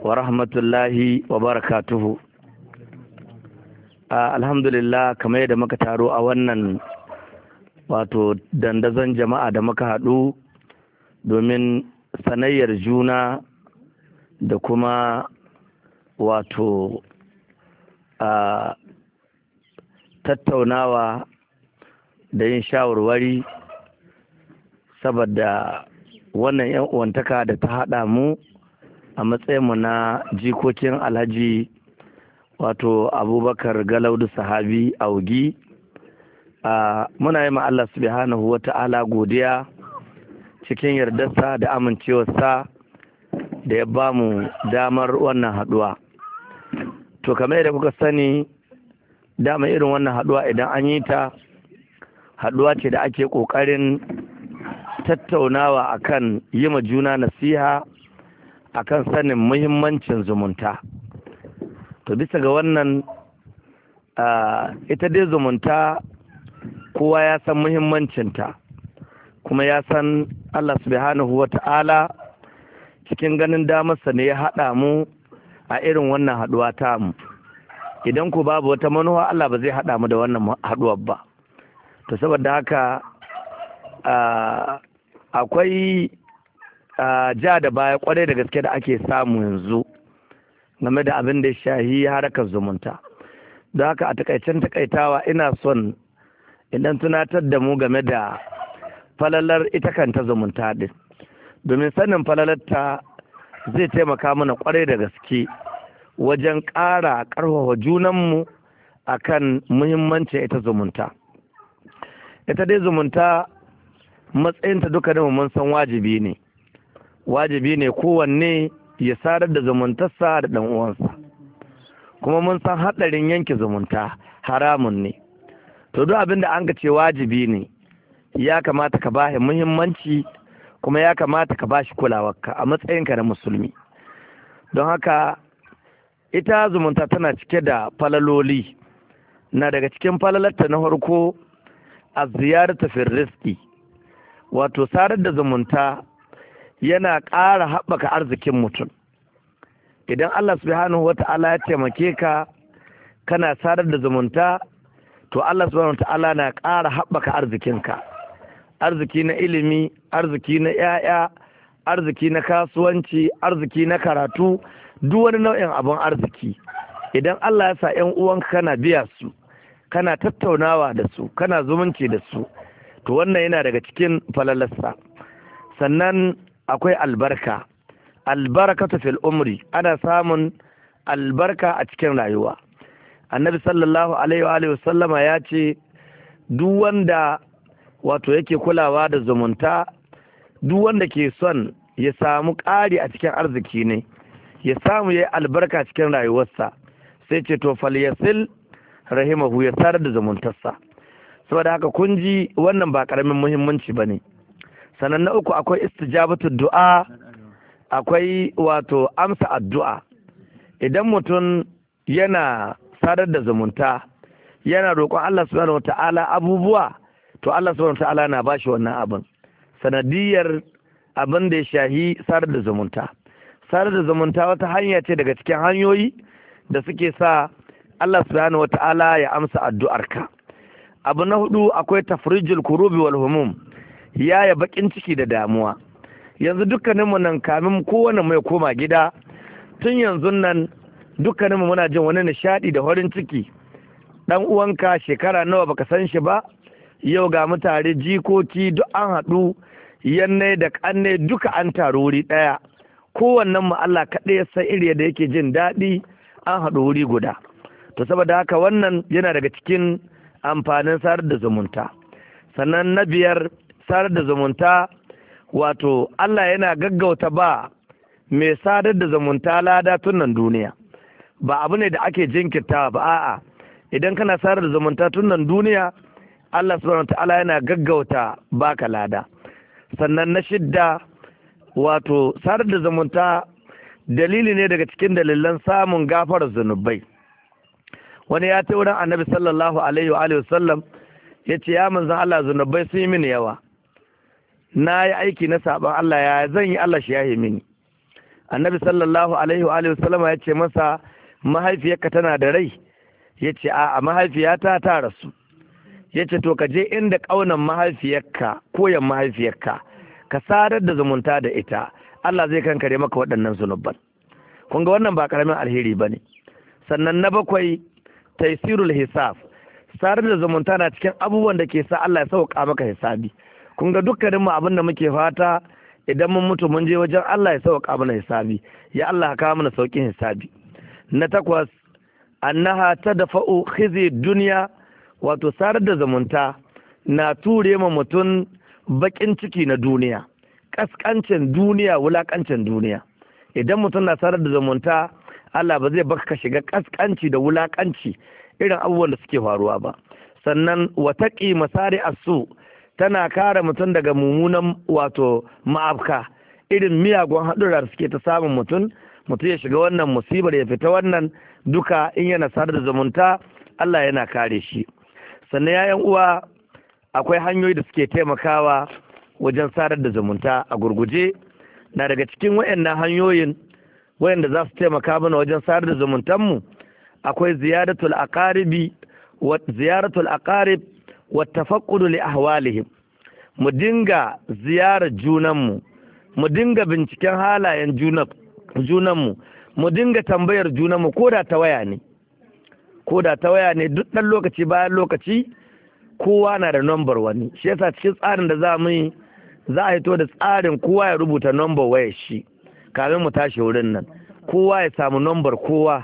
wa rahmatullahi wa barakatuhu alhamdulillah kamar yadda muka taro a wannan wato dandazon jama'a da muka haɗu domin sanayyar juna da kuma wato a tattaunawa da yin shawarwari saboda wannan 'yan uwantaka da ta haɗa mu a mu na jikokin alhaji wato abubakar galaudu sahabi augi muna yi Allah subhanahu wa ta'ala godiya cikin yardarsa da amincewarsa da ya ba mu damar wannan haduwa to kamar yadda kuka sani dama irin wannan haduwa idan an yi ta haduwa ce da ake ƙoƙarin tattaunawa akan yi ma juna nasiha akan sanin muhimmancin zumunta to bisa ga wannan ita dai zumunta kowa ya san muhimmancinta kuma ya san Allah subhanahu wa ta'ala cikin ganin damarsa ne ya haɗa mu a irin wannan haɗuwa ta mu idan ku babu wata manuwa Allah ba zai haɗa mu da wannan haɗuwar ba to saboda haka akwai ja da baya kwarai da gaske da ake samu yanzu game da abin da shahi harakar zumunta da haka a takaicen takaitawa ina son idan tunatar da mu game da falalar ita kanta zumunta din domin sanin falalarta zai taimaka mana kwarai da gaske wajen ƙara ƙarfafa junanmu a kan muhimmancin ita zumunta ita dai zumunta matsayinta duka mun san wajibi ne wajibi ne kowanne ya sadar da zumuntarsa da ɗan uwansa kuma mun san haɗarin yanke zumunta haramun ne to duk abin da an ga ce wajibi ne ya kamata ka bashi muhimmanci kuma ya kamata ka bashi kulawarka a matsayinka na musulmi don haka ita zumunta tana cike da falaloli na daga cikin falalarta na farko a ziyarta firriski wato sadar da zumunta yana ƙara haɓaka arzikin mutum idan Allah subhanahu wa ta'ala ya taimake ka kana sadar da zumunta to Allah subhanahu wa ta'ala na ƙara haɓaka arzikinka arziki na ilimi arziki na 'ya'ya arziki na kasuwanci arziki na karatu duk wani nau'in abin arziki idan Allah ya sa 'yan uwanka kana biya su kana tattaunawa da su kana zumunci da su to wannan yana daga cikin falalarsa sannan akwai albarka ta fil umri ana samun albarka a cikin rayuwa annabi sallallahu alaihi wa alihi ya ce duk wanda wato yake kulawa da zumunta duk wanda ke son ya samu ƙari a cikin arziki ne ya samu ya albarka cikin rayuwarsa sai ce to falyasil rahimahu ya sadar da zumuntarsa saboda haka kun ji wannan ba ƙaramin muhimmanci ba ne sannan na uku akwai istijabatu du'a akwai wato amsa addu'a idan mutum yana sadar da zumunta yana roƙon Allah subhanahu wata'ala abubuwa to Allah subhanahu wata'ala na bashi wannan abin sanadiyar abin da ya shahi sadar da zumunta sadar da zumunta wata hanya ce daga cikin hanyoyi da suke sa Allah subhanahu wata'ala ya amsa addu'arka abu na hudu akwai tafrijul kurubi wal humum yaya bakin ciki da damuwa yanzu dukkaninmu nan kamin kowane mai koma gida tun yanzu nan dukkaninmu muna jin wani nishadi da horin ciki dan uwanka shekara nawa baka san shi ba yau ga mutane jikoki duk an haɗu yanne da ƙanne duka an taru wuri ɗaya kowannen mu Allah kaɗai ya san iri da yake jin daɗi an haɗu wuri guda to saboda haka wannan yana daga cikin amfanin sadar da zumunta sannan na biyar sadar da zumunta wato Allah yana gaggauta ba mai sadar da zumunta lada tun nan duniya ba abu ne da ake jinkirta ba a'a idan kana sadar da zumunta tun nan duniya Allah subhanahu ta'ala yana gaggauta baka lada sannan na shidda wato sadar da zumunta dalili ne daga cikin dalilan samun gafar zunubai wani ya ta wurin annabi sallallahu alaihi wa sallam ya ce ya manzan Allah zunubai sun yi mini yawa na yi aiki na saban Allah ya zan yi Allah shi yahe mini annabi sallallahu alaihi wa alihi wasallama ya ce masa mahaifiyarka tana da rai ya ce a'a mahaifiyata ta rasu ya ce to ka je inda ƙaunan mahaifiyarka koyan mahaifiyarka ka sadar da zumunta da ita Allah zai kankare maka waɗannan zunubban kun ga wannan ba karamin alheri ba ne sannan na bakwai taisirul hisab sadar da zumunta na cikin abubuwan da ke sa Allah ya sauka maka hisabi kun ga dukkanin mu abin da muke fata idan mun mutu mun je wajen Allah ya sauka mana hisabi ya Allah ka mana saukin hisabi na takwas annaha tadfa'u khizi duniya. wato sarar da zumunta na ture ma mutum bakin ciki na duniya kaskancin duniya wulakancin duniya idan mutum na sarar da zumunta Allah ba zai baka shiga kaskanci da wulakanci irin abubuwan da suke faruwa ba sannan wataƙi masari asu tana kare mutum daga mummunan wato ma'afka irin miyagun haɗura suke ta samun mutum mutum ya shiga wannan musibar ya fita wannan duka in yana sadar da zumunta Allah yana kare shi sannan yayan uwa akwai hanyoyi da suke taimakawa wajen sadar da zumunta a gurguje na daga cikin wayannan hanyoyin wayanda za su taimaka mana wajen sadar da zumuntanmu akwai ziyaratul aqaribi wa ziyaratul aqarib wa tafaqqudu li ahwalihim mu dinga ziyarar junanmu mu dinga binciken halayen junanmu mu dinga tambayar junanmu ko da ta waya ne ko da ta waya ne duk ɗan lokaci bayan lokaci kowa na da number wani shi yasa cikin tsarin da za mu yi za a hito da tsarin kowa ya rubuta number waya shi kamin mu tashi wurin nan kowa ya samu number kowa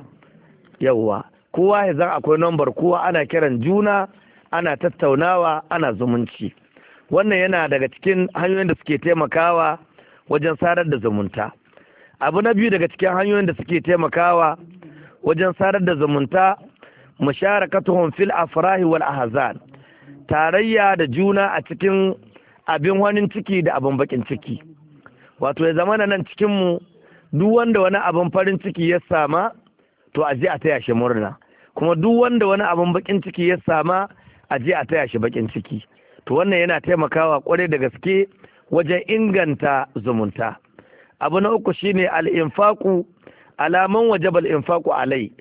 yawwa kowa ya zan akwai number kowa ana kiran juna ana tattaunawa ana zumunci wannan yana daga cikin hanyoyin da suke taimakawa wajen sadar da zumunta abu na biyu daga cikin hanyoyin da suke taimakawa wajen sadar da zumunta musharakatuhum fil afrahi wal ahzan tarayya da juna a cikin abin wani ciki da abin bakin ciki wato ya zamana nan cikin mu duk wanda wani abin farin ciki ya sama to a je a taya shi murna kuma duk wanda wani abin bakin ciki ya sama a je a taya shi bakin ciki to wannan yana taimakawa kwarai da gaske wajen inganta zumunta abu na uku shine al-infaqu alaman wajabal infaqu alai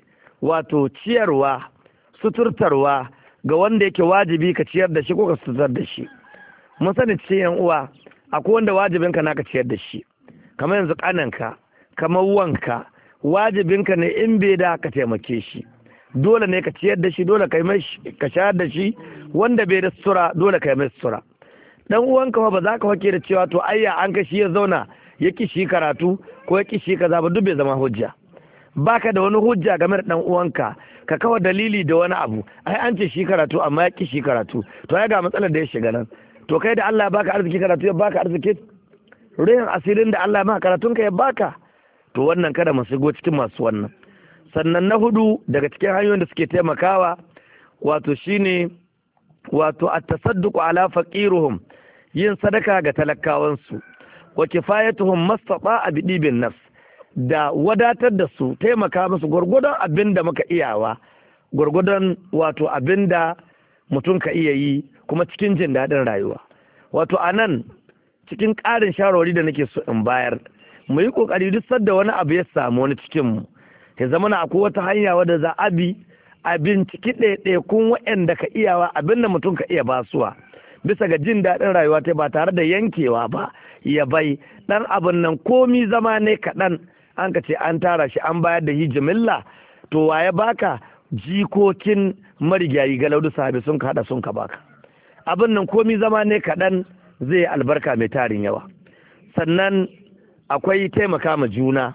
wato ciyarwa suturtarwa ga wanda yake wajibi ka ciyar da shi ko ka suturtar da shi mun sani cikin uwa akwai wanda wajibinka na ka ciyar da shi kamar yanzu kananka kamar wanka wajibinka ne in bai da ka taimake shi dole ne ka ciyar da shi dole ka mai ka shayar da shi wanda bai da sutura dole ka mai sutura dan uwanka ka ba za ka fake da cewa to ayya an ka shi ya zauna ya ki shi karatu ko ya ki shi kaza ba duk bai zama hujja baka da wani hujja game da dan uwanka ka kawo dalili da wani abu ai an ce shi karatu amma ya ki shi karatu to ai ga matsalar da ya shiga nan to kai da Allah baka arziki karatu ya baka arziki ruhin asirin da Allah ma karatun ka ya baka to wannan kada mu shigo cikin masu wannan sannan na hudu daga cikin hanyoyin da suke taimakawa wato shine wato at-tasadduqu ala faqiruhum yin sadaka ga talakawansu wa kifayatuhum mastata'a bi dibin nafs da wadatar da su taimaka musu gwargwadon abin da muka iyawa gwargwadon wato abinda da mutum ka iya yi kuma cikin jin daɗin rayuwa wato a nan cikin ƙarin shawarwari da nake so in bayar mu yi ƙoƙari duk sadda wani abu ya samu wani cikin mu Ka zama na akwai wata hanya wadda za a bi a binciki ɗaiɗaikun waanda ka iyawa abin da mutum ka iya basuwa bisa ga jin daɗin rayuwa ta ba tare da yankewa ba ya bai ɗan abin nan komi zama ne kaɗan an ka ce an tara shi an bayar da hijimilla to waye baka jikokin marigayi galaudu sahabi sun ka haɗa sun ka baka abin nan komi zama ne kaɗan zai albarka mai tarin yawa sannan akwai taimaka ma juna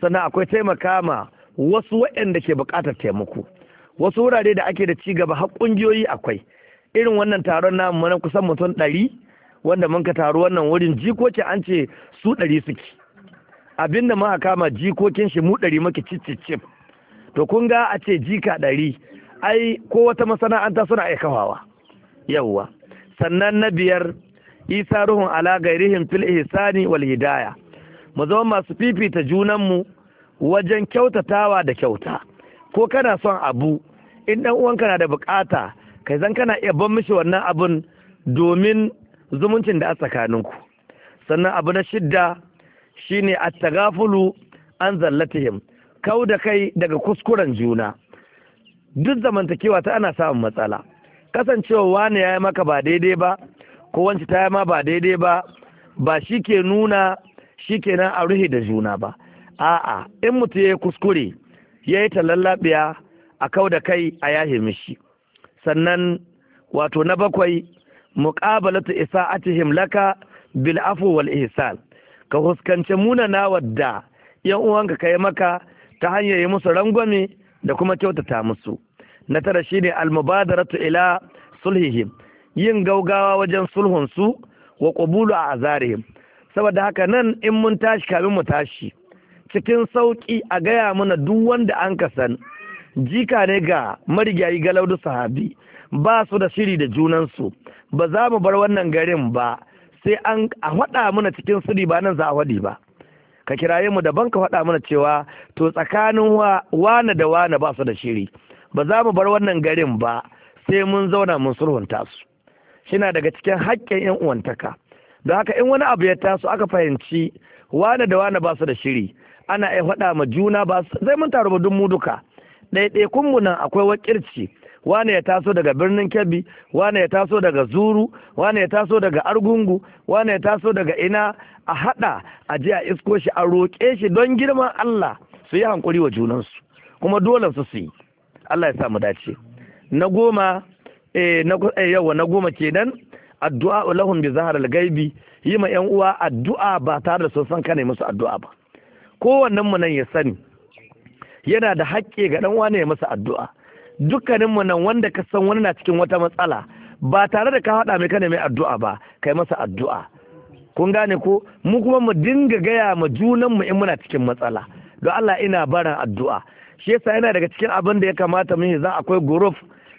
sannan akwai taimaka ma wasu waɗanda ke buƙatar taimako wasu wurare da ake da cigaba har ƙungiyoyi akwai irin wannan taron namu mana kusan mutum ɗari wanda mun ka taru wannan wurin jikoki an ce su ɗari suke abinda muka kama jikokin shi mu ɗari maki cicicif to kun ga a ce jika ɗari ai ko wata masana'anta suna aika hawa. yawwa sannan na biyar isa ruhun ala rihin fil ihsani wal hidaya mu zama masu fifita junanmu wajen kyautatawa da kyauta ko kana son abu in ɗan uwanka na da bukata kai zan kana iya ban mishi wannan abun domin zumuncin da a tsakaninku sannan abu na shidda shine a tagafulu an zallatihim kau da kai daga kuskuren juna duk zamantakewa ta ana samun matsala kasancewa wani ya yi maka ba daidai ba ko wancan ta yi ma ba daidai ba ba shi ke nuna shi kenan a ruhi da juna ba a'a in mutum ya kuskure ya yi talallabiya a kau da kai a yahe mishi sannan wato na bakwai muqabalatu isa'atihim laka bil afu wal ihsan ka huskanci munana wadda yan uwanka kai maka ta hanyar yi musu rangwame da kuma kyautata musu na tara shine al mubadaratu ila sulhihim yin gaugawa wajen sulhun su wa qabulu a azarihim saboda haka nan in mun tashi kamin mu tashi cikin sauƙi a gaya mana duk wanda an ka san jika ne ga marigayi galaudu sahabi ba su da shiri da junansu ba za mu bar wannan garin ba sai an a haɗa mana cikin sirri ba nan za a waɗi ba ka kiraye mu daban ka haɗa mana cewa to tsakanin wane da wane ba su da shiri ba za mu bar wannan garin ba sai mun zauna mun sulhunta su shina daga cikin haƙƙin yan uwantaka don haka in wani abu ya taso aka fahimci wane da wane ba su da shiri ana iya faɗa ma juna ba zai mun taru ba duk mu duka ɗaiɗai mu nan akwai wakirci wane ya taso daga birnin kebbi wane ya taso daga zuru wane ya taso daga argungu wane ya taso daga ina a haɗa a je a isko shi a roƙe shi don girman allah su yi hankuri wa junansu kuma dole su su yi allah ya samu dace na goma eh, na eh, yawa na goma kenan addu'a lahum bi zahar al-gaibi yi ma yan uwa addu'a ba tare da sun san kane musu addu'a ba kowannen mu nan ya sani yana da haƙƙi ga dan wane ya masa addu'a dukkanin mu nan wanda ka san wani na cikin wata matsala ba tare da ka haɗa mai kana mai addu'a ba kai masa addu'a kun gane ko mu kuma mu dinga gaya ma junan mu in muna cikin matsala don Allah ina barin addu'a shi yasa yana daga cikin abin da ya kamata mu za akwai group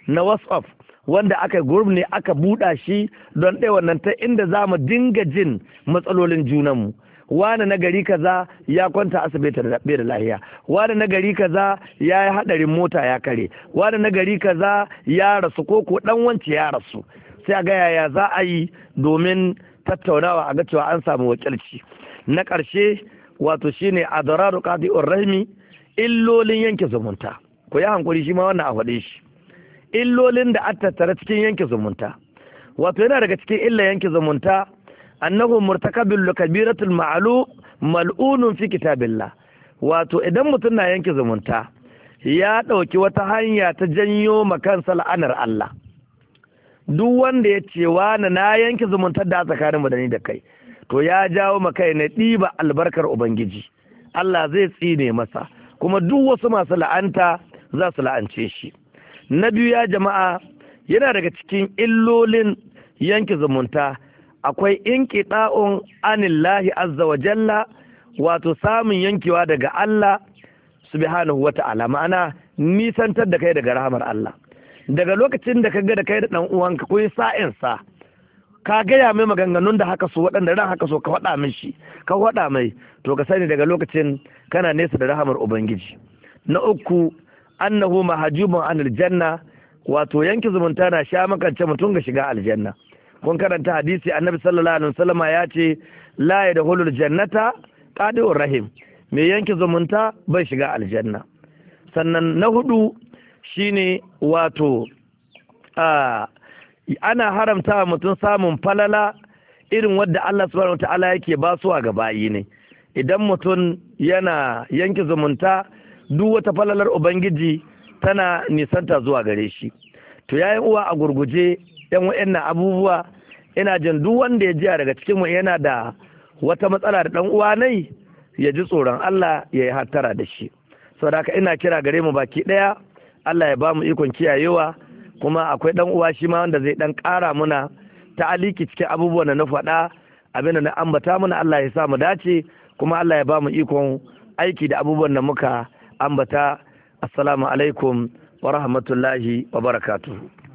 na WhatsApp wanda aka group ne aka buɗa shi don ɗaya wannan ta inda za mu dinga jin matsalolin junan mu wani na gari kaza ya kwanta asibiti da bai da lahiya wani na gari kaza ya yi hadarin mota ya kare wani na gari kaza ya rasu ko ko dan wance ya rasu sai a ga yaya za a yi domin tattaunawa a ga cewa an samu wakilci na karshe wato shine adraru qadi'ur rahmi illolin yanke zumunta ku yi hankuri shi ma wannan a faɗe shi illolin da a tattara cikin yanke zumunta wato yana daga cikin illa yanke zumunta annahu murtakabul kabiratul ma'lu mal'unun fi kitabillah wato idan mutum na yanke zumunta ya ɗauki wata hanya ta janyo makansa la'anar Allah duk wanda ya ce wani na yanke zumunta da tsakanin mu da ni da kai to ya jawo ma kai na ɗiba albarkar ubangiji Allah zai tsine masa kuma duk wasu masu la'anta za su la'ance shi na biyu ya jama'a yana daga cikin illolin yanke zumunta akwai da'un anillahi azza wa jalla wato samun yankewa daga Allah subhanahu wa ta'ala ma'ana nisantar da kai daga rahamar Allah daga lokacin da ka ga da kai da dan uwanka kun in sa ka gaya mai maganganun da haka so waɗanda ran haka so ka faɗa min ka faɗa mai to ka sani daga lokacin kana nesa da rahamar ubangiji na uku annahu mahjubun anil janna wato yanki zumunta na sha makance mutum ga shiga aljanna kun karanta hadisi annabi sallallahu alaihi wasallama ya ce la dakhulul jannata qadiur rahim me yanke zumunta bai shiga aljanna sannan na hudu shine wato ana haramta mutum samun falala irin wadda Allah subhanahu wataala yake basuwa ga bayi ne idan mutum yana yanke zumunta duk wata falalar ubangiji tana nisanta zuwa gare shi to yayin uwa a gurguje yan wa'annan abubuwa ina jin duk wanda ya jiya daga cikin mu yana da wata matsala da dan uwa nai ya ji tsoron Allah ya yi hattara da shi saboda haka ina kira gare mu baki daya Allah ya ba mu ikon kiyayewa kuma akwai dan uwa shi ma wanda zai dan kara muna ta aliki cikin abubuwan da na faɗa abin da na ambata muna Allah ya sa mu dace kuma Allah ya ba mu ikon aiki da abubuwan da muka ambata assalamu alaikum wa rahmatullahi wa barakatuhu